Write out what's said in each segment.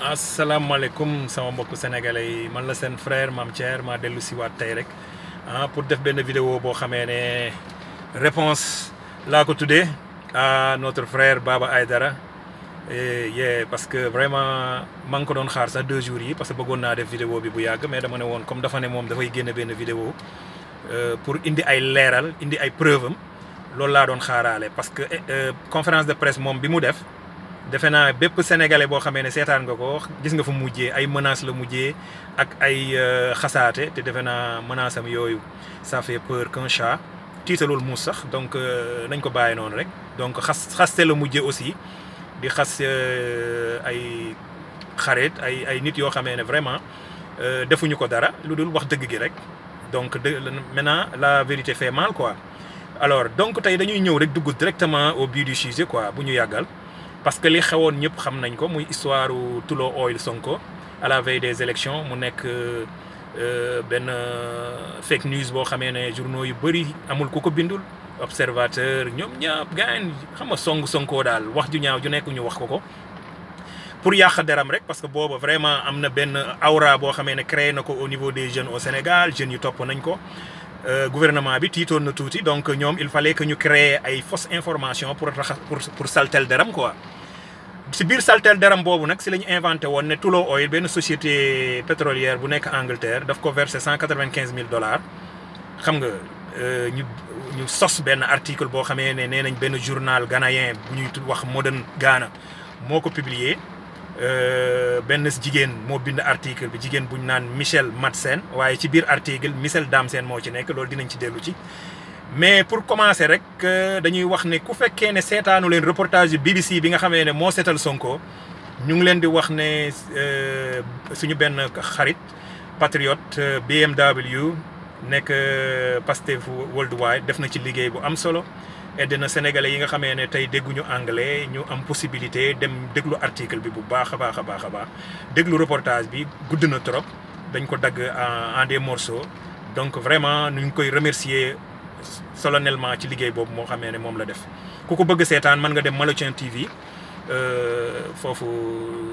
asalaamaaleykum sama mbokku sénégalais man la sen frère mam Thier ma dellu ci wat tay rek ah pour def ben vidéo bo xamé né réponse la ko tuddee à notre frère Baba aidara et yeah, parce que vraiment man ko don xaar sa deux jours yi parce que bëggoon naa def vidéo bi bu yag mais dama né won comme dafa mom da fay génne ben vidéo euh, pour indi ay léral indi ay preuve am la don doon parce que eh, euh, conférence de presse mom bi mu def defe naa bépp sénégalais boo xamee ne seetaan nga ko gis nga fu mujjee ay menaces la mujjee ak ay euh, xasaate te defe naa menace am yooyu ça fait peur qu'un chat tiitalul muus sax donc euh, nañ ko bàyyi noonu rek donc xas xaste la mujjee aussi di xas euh, ay xarit ay ay nit yoo xamee ne vraiment defuñu ko dara lu dul wax dëgg gi rek donc de maintenant la vérité fait mal quoi alors donc tey dañuy ñëw rek dugg directement au but du sujet quoi bu ñu yàggal parce que li xewoon ñep xam nañ ko muy histoire Toulo Oil Sonko à la veille des élections mu nekk ben fake news bo xamé né journaux yu bari amul ku bindul observateur ñom ñap gaan xam nga song Sonko dal wax ju ñaaw ju nekk ñu wax koko pour yàq deram rek parce que booba vraiment amna ben aura bo xamé né créé nako au niveau des jeunes au Sénégal jeunes yu top nañ ko gouvernement bi tiitoon na tuuti donc ñom il fallait que ñu créer ay fausse information pour pour pour saltel deram quoi ci bir saltel deram bobu nak ci la inventé won né Tullow Oil ben société pétrolière bu nek Angleterre daf ko verser 195000 dollars xam nga euh, ñu ñu sos ben article bo xamé né nee nañ benn journal ghanéen bu ñuy wax Modern Ghana moko publier euh ben jigéen mo bind article bi jigéen bu ñu Michel Matsen waaye ci bir article Michel Damsen mo ci nekk loolu dinañ ci dellu ci mais pour commencer rek euh, dañuy wax ne ku fekkee ne sétanu len reportage BBC bi nga xamé ne mo sétal Sonko ñu ngi len di wax ne euh, suñu benn xarit patriote euh, BMW nek Pastef worldwide def na ci liggéey bu am solo aide na sénégalais yi nga xamee ne déggu ñu anglais ñu am possibilité dem déglu article bi bu baax a baax a baax déglu reportage bi gudd na trop dañ ko dag en des morceaux donc vraiment ñu ngi koy remercier solennellement ci liguey bobu Mo, xamé né mom la def kuku bëgg sétane nga dem TV euh fofu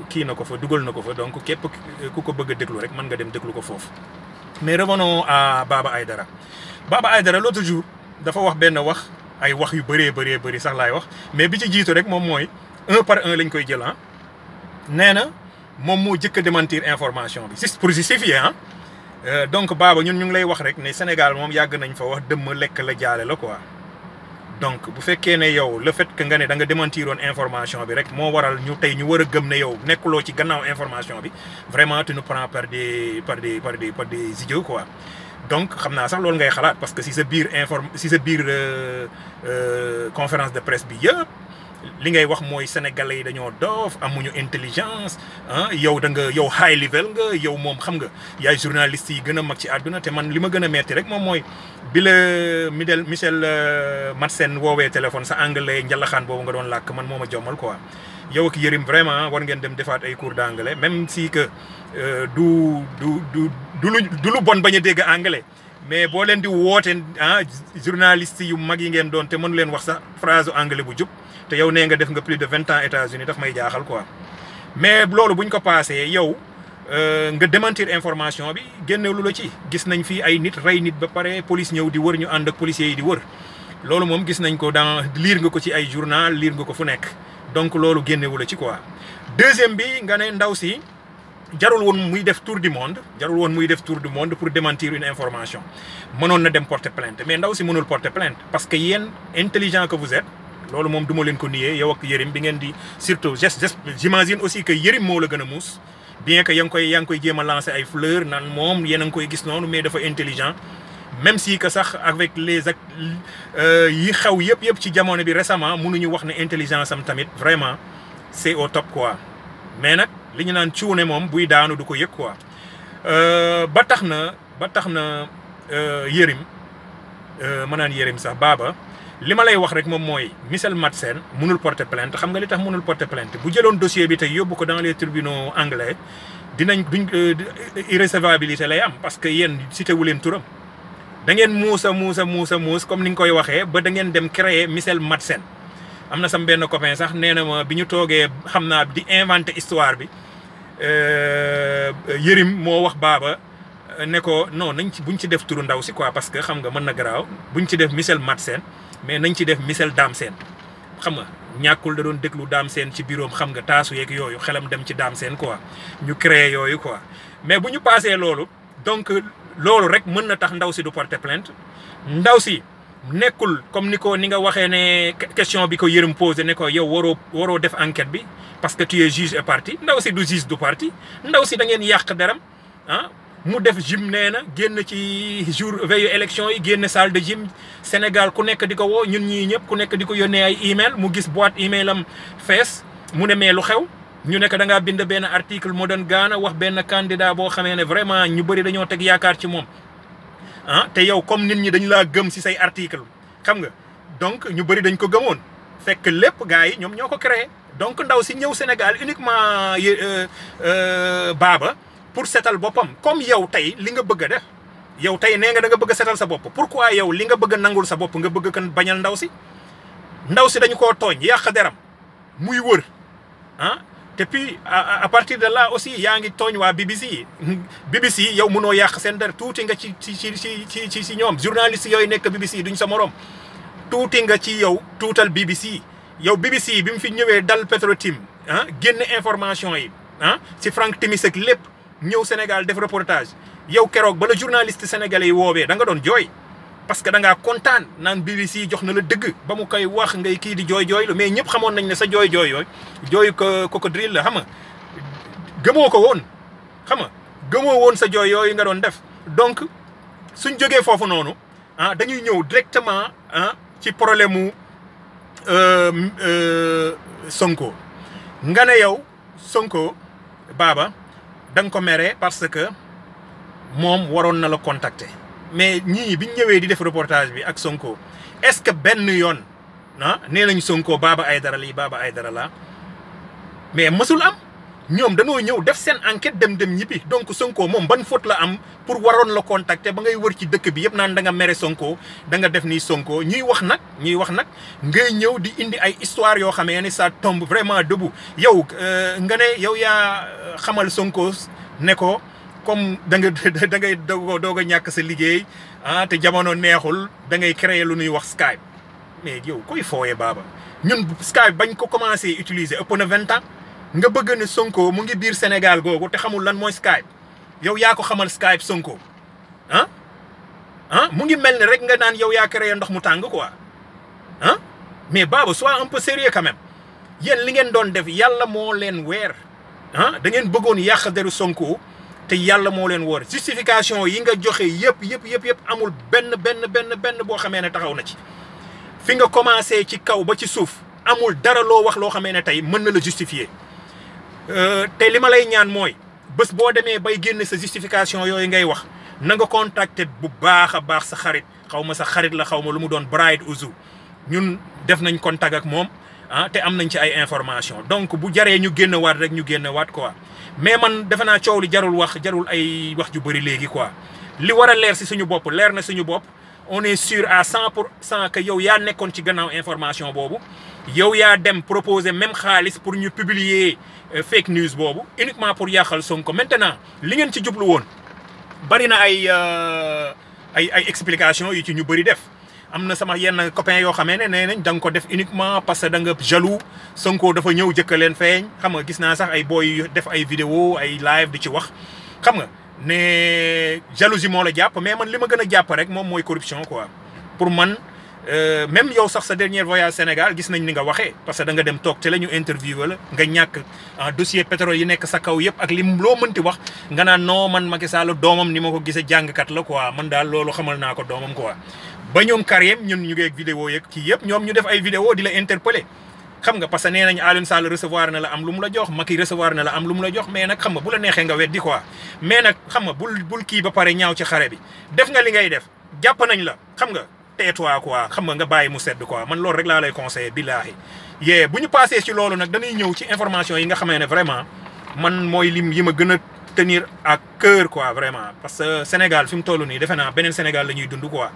ki nako fa duggal donc képp kuku bëgg déglu rek mais revenons à Baba aydara Baba aydara l'autre jour dafa wax ben wax ay wax yu je ne sax pas wax mais bi ci rek mom un par un lañ koy jël hein ah. néna information bi. c'est pour justifier ah. Euh, donc baba ñun ñu ngi lay wax rek né Sénégal mom yag nañ fa wax dëmm lek la jalé la quoi donc bu fekkee né yow le fait que nga né da nga démentiroon information bi rek mo waral ñu tay ñu wara gëm né yow nekulo ci gannaaw information bi vraiment tu nous prends par des par des par des par des idiots quoi donc xamna sax lool ngay xalat parce que si sa bir inform si sa euh, euh, conférence de presse bi yëpp li ngay wax mooy sénégalais yi dañoo doof amuñu intelligence ah yow da nga yow high level nga yow moom xam nga yaay journaliste yi gën a mag ci àdduna te man li ma gën a metti rek moom mooy bi la Midel Michel euh, Madsen woowee téléphone sa anglais njalaxaan boobu nga doon làkk man moo ma jommal quoi. yow ak Yërim vraiment war ngeen dem defaat ay cours d' anglais même si que euh, du du du du bon bañ a dégg anglais. mais boo leen di woote ah journaliste yu mag yi ngeen doon te mënu leen wax sax phrase anglais bu jub. te yow plus de 20 ans États-Unis daf may mais ko yow euh, nga démentir information bi la ci gis nañ fi ay nit ray nit ba police di policiers yi di wër lolu mom gis nañ ko dans lire nga ko ci ay journal lire nga ko fu donc de la deuxième bi nga ne ndaw si tour du monde monde pour démentir une information mënoon na dem porter plainte mais ndaw si mënul porter plainte parce que intelligent que vous êtes mom len ko yow ak Yérim surtout j'imagine aussi que Yérim mo la bien que yaa koy ay fleurs nan intelligent même si que sax avec les euh yi xaw bi récemment ñu wax né intelligence am tamit vraiment c'est au top quoi mais nak liñ ñu naan cuune du ko quoi euh, ba euh, Yérim euh, Yérim Baba li ma lay wax rek moom mooy Michel Madsen mënul porter plainte xam nga li tax mënul porter plainte bu jëloon dossier bi tey yóbbu ko dans les tribunaux anglais dinañ duñ euh, irrécevabilité lay am parce que yéen cité wu leen turam. da ngeen muus a muus a muus a muus comme ni nga koy waxee ba da ngeen dem créer Michel Madsen am na sama benn copain sax nee na ma bi ñu toogee xam naa di inventé histoire bi euh, Yërim moo wax baaba. Euh, ne ko non nañ ci buñ ci def turu ndaw si quoi parce que xam nga mën na garaaw buñ ci def Michel Mat mais nañ ci def Michel Dame Sène xam nga ñàkkul da doon déglu Dame Sène ci biiroom xam nga taasu yeeg yooyu xelam dem ci Dame Sène quoi ñu créé yooyu quoi mais bu ñu paasee loolu donc loolu rek mën na tax ndaw si du porter plainte ndaw si nekkul comme ni ko ni nga waxee ne question bi ko yërëm posé ne ko yow waroo waroo def enquête bi parce que tu es juge et partie ndaw si du juge du partie ndaw si da ngeen yàq deram ah mu def gym nee na génn ci jour veille élection yi génn salle de gym Sénégal ku nekk di ko woo ñun ñii ñëpp ku nekk di ko yónnee ay email mu gis boîte email am fees mu ne mais lu xew ñu nekk da ngaa bind benn article Modern gaana wax benn candidat boo xamee ne vraiment ñu bëri dañoo teg yaakaar ci moom ah te yow comme nit ñi dañ laa gëm si say article xam nga donc ñu bëri dañ ko gëmoon fekk lépp gars yi ñoom ñoo ko créé donc ndaw si ñëw Sénégal uniquement euh, euh, Baba pour setal boppam comme yow tey li nga bëgg a def yow tey nee nga da nga bëgg setal sa bopp pour pourquoi yow li nga bëgg a nangul sa bopp nga bëgg kan bañal ndaw si ndaw si dañu koo tooñ yàq deram muy wër ah te puis à partir de là aussi yaa ngi tooñ waa BBC yi BBC yi yow noo yàq seen der tuuti nga ci ci ci ci ci ci ñoom journaliste yooyu nekk BBC duñ sa morom tuuti nga ci yow tuutal BBC yow BBC bi mu fi ñëwee dal Petro Tim ah génn information yi ah si Frank Timis lépp. ñëw Sénégal def reportage yow keroog bala la journaliste sénégalais yi woowee danga doon jooy parce que da ngaa kontaan naan BBC jox na la dëgg ba mu koy wax ngay kii di jooy jooy mais ñëpp xamoon nañ ne sa jooy jooy yooyu jooyu ko crocodile la xam nga gëmoo ko woon xam nga gëmoo woon sa jooy yooyu nga doon def donc suñ jogee foofu noonu ah dañuy ñëw directement ah ci problème mu euh, euh, Sonko nga ne yow Sonko Baba dang ko parce que mom waron na la contacter mais ñi bi ñëwé dit di def reportage bi ak Sonko est-ce que ben yoon ah né nañu Sonko Baba Aïdara li Baba Aïdara la mais mësul ñoom dañoo ñëw def seen enquête dem dem ñibbi donc Sonko moom ban faute la am pour waroon la contacter ba ngay wër ci dëkk bi yëpp naan nga mere Sonko da nga def nii Sonko ñuy wax nag ñuy wax nag nga ñëw di indi ay histoire yoo xamee ne ça tombe vraiment debout yow euh, nga ne yow yaa euh, xamal Sonko ne ko comme da nga da ngay doog a ñàkk sa liggéey ah te jamono neexul da ngay créer lu nuy wax Skype mais yow koy fooye baaba ñun Skype bañ ko commencé utiliser ëpp vingt ans. nga bëgg ne Sonko mu ngi biir Sénégal googu te xamul lan mooy Skype yow yaa ko xamal Skype Sonko ah ah mu ngi mel ne rek nga naan yow yaa créé ndox mu tàng ko mais Baba sois un peu sérieux quand yéen li ngeen doon def yàlla moo leen weer ah da ngeen bëggoon yàq deru Sonko te yàlla moo leen woor justification yi nga joxe yëpp yëpp yëpp yëpp amul benn benn benn benn boo xamee ne taxaw na ci fi nga commencé ci kaw ba ci suuf amul dara loo wax loo xamee ne tey mën na la justifier Euh, te li ma lay ñaan mooy bés boo demee bay génn sa justification yooyu ngay wax na nga contacter bu baax a baax sa xarit xaw ma sa xarit la xaw ma lu mu doon Bride Ouzou ñun def nañ contact ak moom ah te am nañ ci ay information donc bu jaree ñu génn waat rek ñu génn waat quoi mais man defe naa coow li jarul wax jarul ay wax ju bëri léegi quoi li war a leer si suñu bopp leer na suñu bopp. on est sûr à 100% que yow ya ci information bobu yow ya dem proposer même Khalis pour ñu publier euh, fake news uniquement pour yàqal Sonko maintenant li ngeen ci won bari na ay euh, ay ay explications yu ci ñu bari def amna sama yenn copain ne uniquement parce que da nga jaloux Sonko dafa ñëw leen xam nga gis sax ay def ay vidéo live ne jalousie moo la jàpp mais man li ma gën a jàpp rek moom mooy corruption quoi pour man euh, même yow sax sa dernier voyage Sénégal gis nañ ni nga waxee parce que da nga dem toog te la ñu interviewé la nga ñàkk en ah, dossier pétrole yi nekk sa kaw yëpp ak lim loo mënti wax nga naan non man Macky Sall ni ma ko gisee jàngkat la quoi man daal loolu xamal naa ko doomam quoi. ba ñoom Karim ñun ñu ngi ak vidéo yeeg kii yëpp ñoom ñu def ay vidéo di la interpeller xam nga parce que nee nañ Aliou Sall recevoir na la am lu mu la jox Macky recevoir na la am lu mu la jox mais nag xam nga bu la neexee nga weddi quoi mais nag xam nga bul bul kii ba pare ñaaw ci xare bi def nga li ngay def jàpp nañ la xam nga teetwaa quoi xam nga nga bàyyi mu sedd quoi man loolu rek laa lay conseillé billahi yee bu ñu passé ci loolu nag dañuy ñëw ci information yi nga xamee ne vraiment man mooy lim yi ma gën a tenir à cœur quoi vraiment parce que Sénégal fi mu toll nii defe naa beneen Sénégal la ñuy dund quoi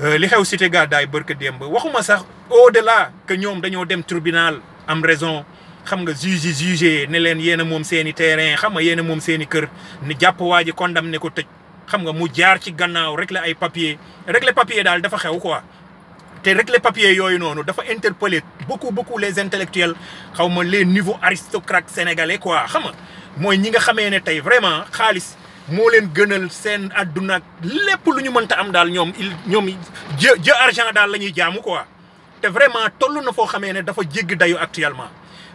euh, li xew cité gàddaay barka démb waxuma sax au delà que ñom dañoo dem tribunal am raison xam nga juge juge ne len yena mom moom terrain xam nga yena mom moom kër ni japp waa condamné ko tej xam nga mu jaar ci gannaaw rek la ay papier rek les papier dal dafa xew quoi té rek les papier yoy noonu dafa interpeller beaucoup beaucoup les intellectuels xawma les niveaux aristocrates sénégalais quoi xam nga moy ñi nga xamé né tay vraiment khalis moo leen gënal seen àdduna lépp lu ñu mënta am daal ñoom ñoom jë jë argent daal la ñuy jaamu quoi te vraiment toll na foo xamee ne dafa jégg dayu actuellement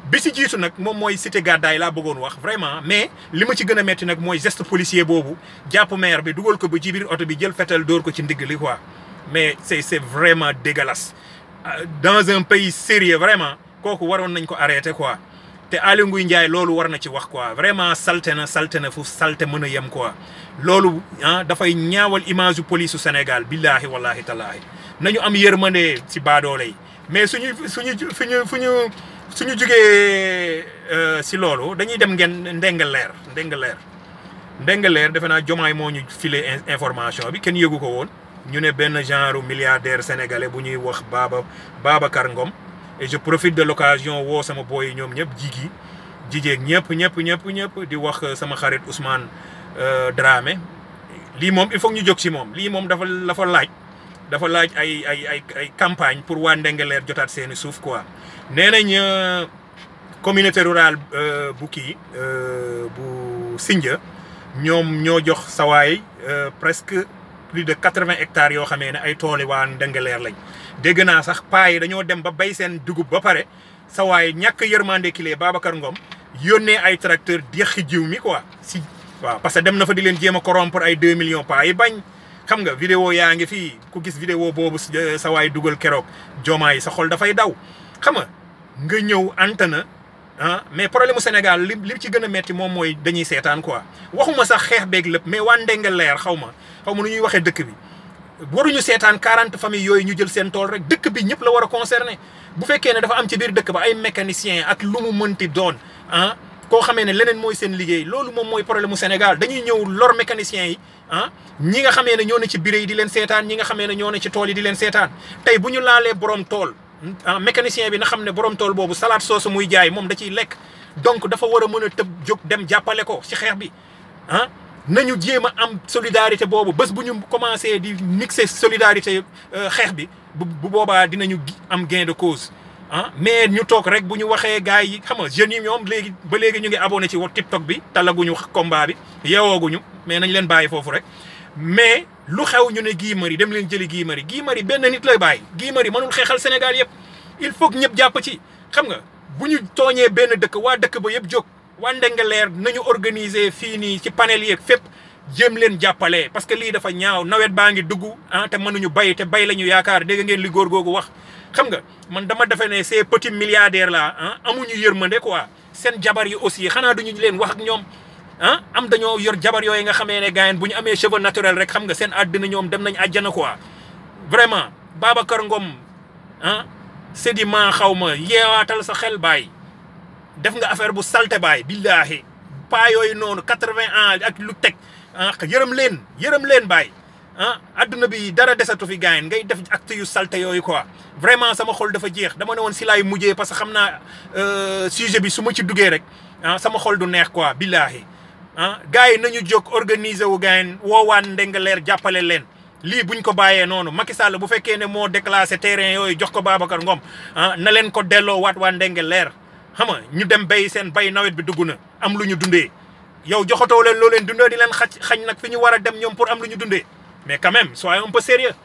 bi si jiitu nag moom mooy cité gàddaay laa bëggoon wax vraiment mais li ma ci gëna a metti nag mooy geste policier boobu jàpp maire bi dugal ko ba ci biir oto bi jël fetal dóor ko ci ndigg li quoi mais c'est c'est vraiment dégueulasse euh, dans un pays sérieux vraiment kooku waroon nañ ko arrêter quoi te Aly Ngouille Ndiaye loolu war na ci wax quoi vraiment salte na salte na fu salte mën a yem quoi loolu ah dafay ñaawal image yu police su Sénégal billaahi wallaahi tallaahi ñu am yërmande si baadoole yi mais suñu suñu suñu suñu suñu jugee si euh, loolu dañuy dem ngeen ndengaleer ndengaleer ndengaleer defe naa jomaay moo ñu filé information bi kenn yëgu ko woon ñu ne benn genre milliardaire sénégalais bu ñuy wax baaba Babacar Ngom et je profite de l'occasion wo sama boy ñom ñep jigi ñep ñep ñep ñep di wax sama xarit Ousmane euh, Dramé li mom il faut ñu jox ci mom li mom dafa fa laaj dafa laaj ay ay ay campagne pour wa jotat seeni souf quoi nenañ euh, communauté rurale bouki euh bu euh, Sindia ñom ñoo jox presque plus de quatre-vingts hectares yoo xamee ne ay tooli waa Ndingler lañ dégg naa sax paa yi dañoo dem ba bay seen dugub ba pare sa waay ñàkk yërmande kilee Babacar Ngom yónnee ay tracteur deqi jiw mi quoi si waaw parce que dem na fa di leen jéem a corrompre ay deux millions paa yi bañ xam nga vidéo yaa ngi fii ku gis vidéo boobu sa waay dugal keroog jomaa yi sa xol dafay daw xam nga ñëw antana ah mais problème mu Sénégal li li ci gën a metti moom mooy dañuy seetaan quoi waxuma sax xeex beeg lépp mais waa ndenge leer xaw ma xaw ma nu ñuy waxee dëkk bi. waruñu seetaan quarante familles yooyu ñu jël seen tool rek dëkk bi ñëpp la war a concerné bu fekkee ne dafa am ci biir dëkk ba ay mécaniciens ak lu mu mënti doon ah. koo xamee ne leneen mooy seen liggéey loolu moom mooy problème mu Sénégal dañuy ñëw lor mécaniciens yi ah ñi nga xamee ne ñoo ne ci biir yi di leen ñi nga xamee ne ñoo ne ci tool yi di leen seetaan bu ñu laalee borom tool. Ah, mécanicien bi na xamné borom tool bobu salade sauce muy jaay mom da ci lek donc dafa wara a teub jog dem jappalé ko ci xex bi ah nañu jéem am solidarité bobu bés buñu commencé di mixer solidarité euh, xex bi bu boba dinañu am gain de cause ah mais ñu tok rek buñu waxé gaay yi xam nga jeunes yi ñoom légui ba légui ñu ngi abonné ci TikTok bi talaguñu combat bi yewoguñu mais nañ leen bayyi fofu rek mais lu xew ñu ne Guy Marius dem leen jëli giimari Marius Guy benn nit lay bàyyi Guy Marius mënul xeexal Sénégal yëpp il faut que ñëpp jàpp ci xam nga bu ñu tooñee benn dëkk waa dëkk ba yëpp jóg waa Ndengaleer nañu organiser fii nii ci panel yeeg fépp jéem leen jàppale parce que lii dafa ñaaw nawet baa ngi dugg ah te mënuñu bay te bay la ñu yaakaar dégg ngeen li góor googu wax xam nga man dama defe ne ces petits milliardaires là ah amuñu yërmande quoi seen jabar yi aussi xanaa duñu leen wax ak ñoom ah am dañoo yor jabar yooyu nga xamee ne gars bu ñu amee cheveux naturel rek xam nga seen àddina ñoom dem nañ àjjana quoi vraiment Babacar Ngom ah sédiment xaw ma yeewaatal sa xel baay def nga affaire bu salte baay billaahi paa yooyu noonu quatre-vingts ans ak lu teg ah yërëm leen yërëm leen baay ah adduna bi dara desatu fi gars ngay def ak yu salte yooyu quoi vraiment sama xol dafa jeex dama ne woon si laay mujjee parce que xam naa euh, sujet bi su ma ci duggee rek ah, sama xol du neex quoi billaahi ah gars yi nañu jóg organiser wu gars yi woowaan Ndingler jàppale leen lii buñ ko bàyyee noonu Macky Sall bu fekkee ne moo déclassé terrain yooyu jox ko Babacar Ngom ah na leen ko delloo waat waa Ndingler xam nga ñu dem bay seen bay nawet bi dugg na am lu ñu dundee yow joxatoo leen loo leen dundee di leen xaj xañ nag fi ñu war a dem ñoom pour am lu ñu dundee mais quand même soyez un peu sérieux